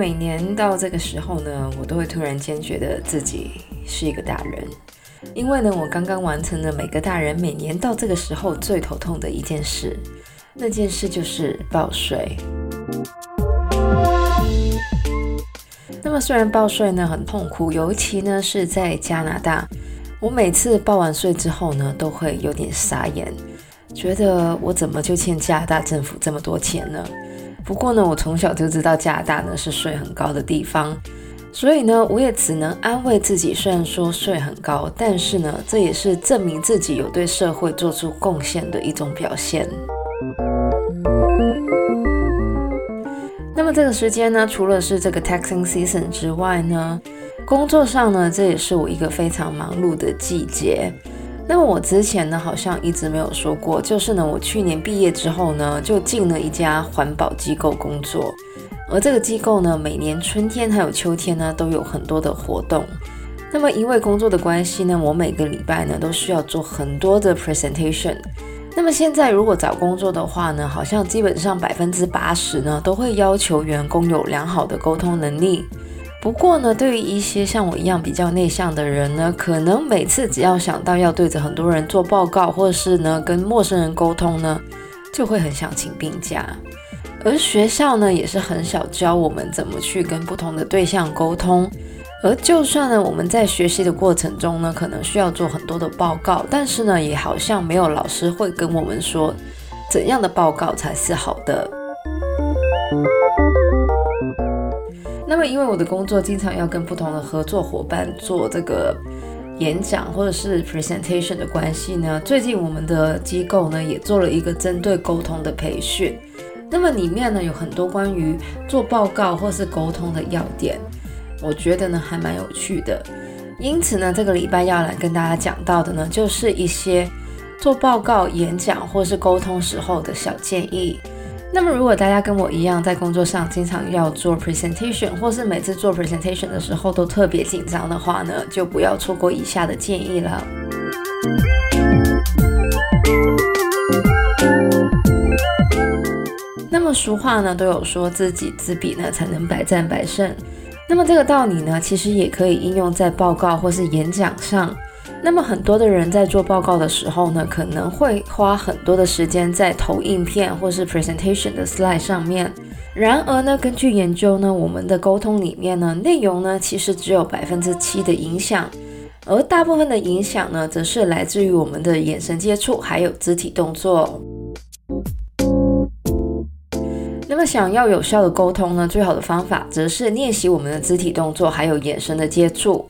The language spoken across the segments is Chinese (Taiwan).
每年到這個時候呢，我都會突然間覺得自己是一個大人，因為呢，我剛剛完成了每個大人每年到這個時候最頭痛的一件事，那件事就是報稅。那麼雖然報稅呢很痛苦，尤其呢是在加拿大，我每次報完稅之後呢，都會有點傻眼，覺得我怎麼就欠加拿大政府這麼多錢呢？不過呢，我從小就知道加拿大呢是稅很高的地方，所以呢，我也只能安慰自己，雖然說稅很高，但是呢，這也是證明自己有對社會做出貢獻的一種表現。嗯。那麼這個時間呢，除了是這個 taxing season 之外呢，工作上呢，這也是我一個非常忙碌的季節。那麼我之前呢，好像一直沒有說過，就是呢，我去年畢業之後呢，就進了一家環保機構工作，而這個機構呢，每年春天還有秋天呢，都有很多的活動。那麼因為工作的關係呢，我每個禮拜呢，都需要做很多的 presentation。那麼現在如果找工作的話呢，好像基本上百分之八十呢，都會要求員工有良好的溝通能力。不過呢，對於一些像我一樣比較內向的人呢，可能每次只要想到要對着很多人做報告，或是呢跟陌生人溝通呢，就會很想請病假。而學校呢也是很少教我們怎麼去跟不同的對象溝通。而就算呢我們在學習的過程中呢，可能需要做很多的報告，但是呢也好像沒有老師會跟我們說怎樣的報告才是好的。那麼，因為我的工作經常要跟不同的合作夥伴做這個演講或者是 presentation 的關係呢，最近我們的機構呢也做了一個針對溝通的培訓。那麼裡面呢有很多關於做報告或是溝通的要點，我覺得呢還蠻有趣的。因此呢，這個禮拜要來跟大家講到的呢，就是一些做報告、演講或是溝通時候的小建議。那麼，如果大家跟我一樣，在工作上經常要做 presentation，或是每次做 presentation 的時候都特別緊張的話呢，就不要錯過以下的建議了。那麼，俗話呢都有說知己知彼呢才能百戰百勝。那麼，這個道理呢，其實也可以應用在報告或是演講上。那麼很多的人在做報告的時候呢，可能會花很多的時間在投影片或是 presentation 的 slide 上面。然而呢，根據研究呢，我們的溝通裡面呢，內容呢其實只有百分之七的影響，而大部分的影響呢，則是來自於我們的眼神接觸還有肢體動作。那麼想要有效的溝通呢，最好的方法則是練習我們的肢體動作還有眼神的接觸。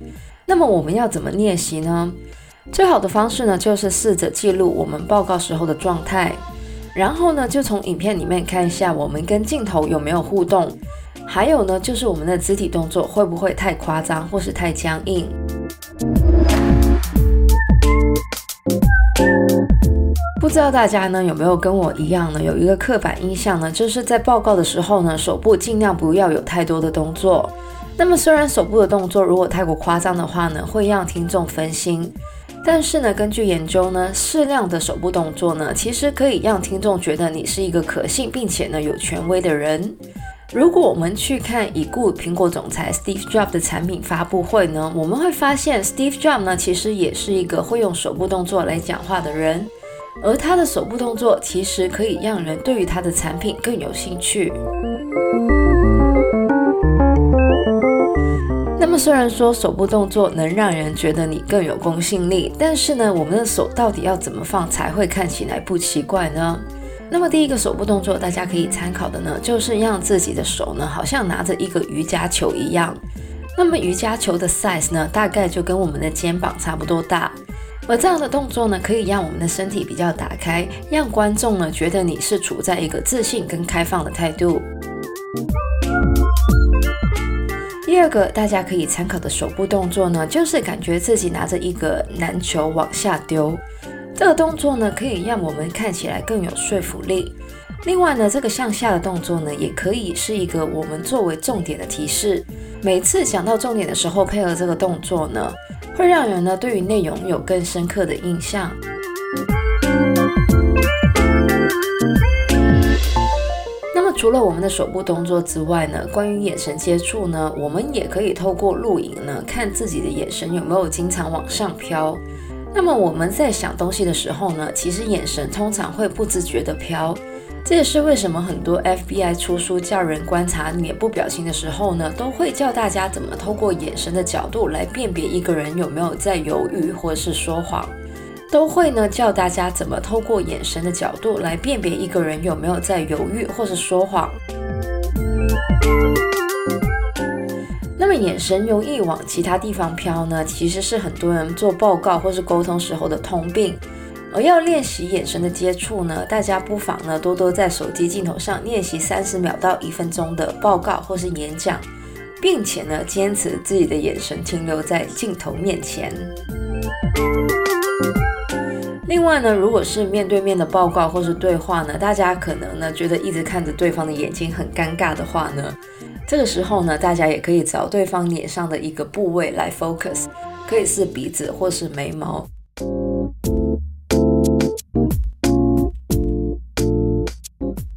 那麼我們要怎麼練習呢？最好的方式呢，就是試着記錄我們報告時候的狀態，然後呢，就從影片裡面看一下我們跟鏡頭有沒有互動，還有呢，就是我們的肢體動作會不會太誇張或是太僵硬。不知道大家呢，有沒有跟我一樣呢，有一個刻板印象呢，就是在報告的時候呢，手部盡量不要有太多的動作。那麼，雖然手部的動作如果太過誇張的話呢，會讓聽眾分心，但是呢，根據研究呢，適量的手部動作呢，其實可以讓聽眾覺得你是一個可信並且呢有權威的人。如果我們去看已故蘋果總裁 Steve Jobs 的產品發布會呢，我們會發現 Steve Jobs 呢，其實也是一個會用手部動作來講話的人，而他的手部動作其實可以讓人對於他的產品更有興趣。雖然說手部動作能讓人覺得你更有公信力，但是呢，我們的手到底要怎麼放才會看起來不奇怪呢？那麼第一個手部動作，大家可以參考的呢，就是讓自己的手呢，好像拿着一個瑜伽球一樣。那麼瑜伽球的 size 呢，大概就跟我們的肩膀差不多大。而這樣的動作呢，可以讓我們的身體比較打開，讓觀眾呢，覺得你是處在一個自信跟開放的態度。第二個，大家可以參考的手部動作呢，就是感覺自己拿着一個籃球往下丟。這個動作呢，可以讓我們看起來更有說服力。另外呢，這個向下的動作呢，也可以是一個我們作為重點的提示。每次講到重點的時候，配合這個動作呢，會讓人呢對於內容有更深刻的印象。除了我們的手部動作之外呢，關於眼神接觸呢，我們也可以透過錄影呢，看自己的眼神有沒有經常往上飄。那麼我們在想東西的時候呢，其實眼神通常會不自覺地飄。這也是為什麼很多 FBI 出書教人觀察臉部表情的時候呢，都會教大家怎麼透過眼神的角度來辨別一個人有沒有在猶豫或是說謊。都會呢，教大家怎麼透過眼神的角度來辨別一個人有沒有在猶豫或是說謊。那麼眼神容易往其他地方飄呢，其實是很多人做報告或是溝通時候的通病。而要練習眼神的接觸呢，大家不妨呢，多多在手機鏡頭上練習三十秒到一分鐘的報告或是演講，並且呢，堅持自己的眼神停留在鏡頭面前。另外呢，如果是面對面的報告或是對話呢，大家可能呢覺得一直看着對方的眼睛很尷尬的話呢，這個時候呢，大家也可以找對方臉上的一個部位來 focus，可以是鼻子或是眉毛。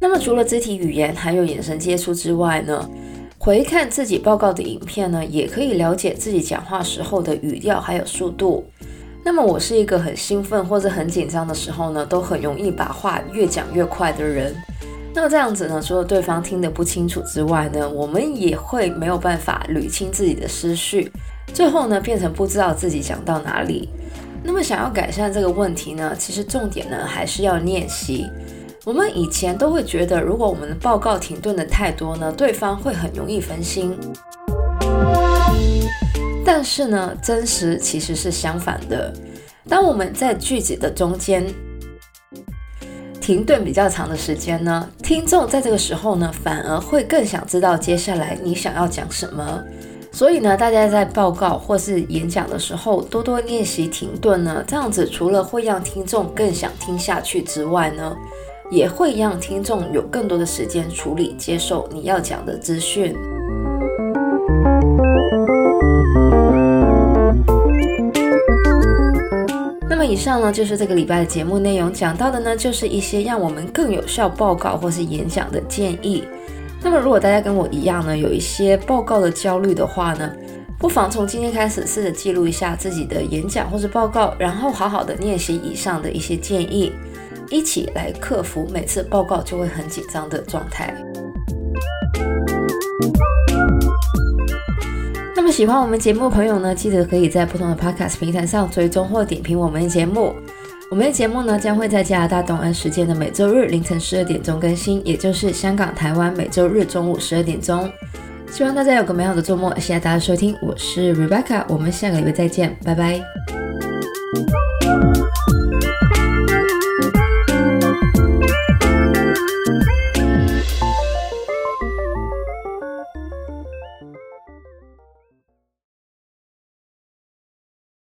那麼除了肢體語言還有眼神接觸之外呢，回看自己報告的影片呢，也可以了解自己講話時候的語調還有速度。那麼我是一個很興奮或者很緊張的時候呢，都很容易把話越講越快的人。那麼這樣子呢，除了對方聽得不清楚之外呢，我們也會沒有辦法捋清自己的思緒，最後呢變成不知道自己講到哪裡。那麼想要改善這個問題呢，其實重點呢還是要練習。我們以前都會覺得，如果我們的報告停頓的太多呢，對方會很容易分心。但是呢，真實其實是相反的。當我們在句子的中間停頓比較長的時間呢，聽眾在這個時候呢，反而會更想知道接下來你想要講什麼。所以呢，大家在報告或是演講的時候，多多練習停頓呢，這樣子除了會讓聽眾更想聽下去之外呢，也會讓聽眾有更多的時間處理、接受你要講的資訊。以上呢，就是這個禮拜的節目內容，講到的呢就是一些讓我們更有效報告或是演講的建議。那麼如果大家跟我一樣呢，有一些報告的焦慮的話呢，不妨從今天開始試着記錄一下自己的演講或是報告，然後好好的練習以上的一些建議，一起來克服每次報告就會很緊張的狀態。那麼喜歡我們節目的朋友呢，記得可以在不同的 Podcast 平台上追蹤或點評我們的節目。我們的節目呢，將會在加拿大東岸時間的每周日凌晨十二點鐘更新，也就是香港、台灣每周日中午十二點鐘。希望大家有個美好的周末，謝謝大家收聽，我是 Rebecca，我們下個禮拜再見，拜拜。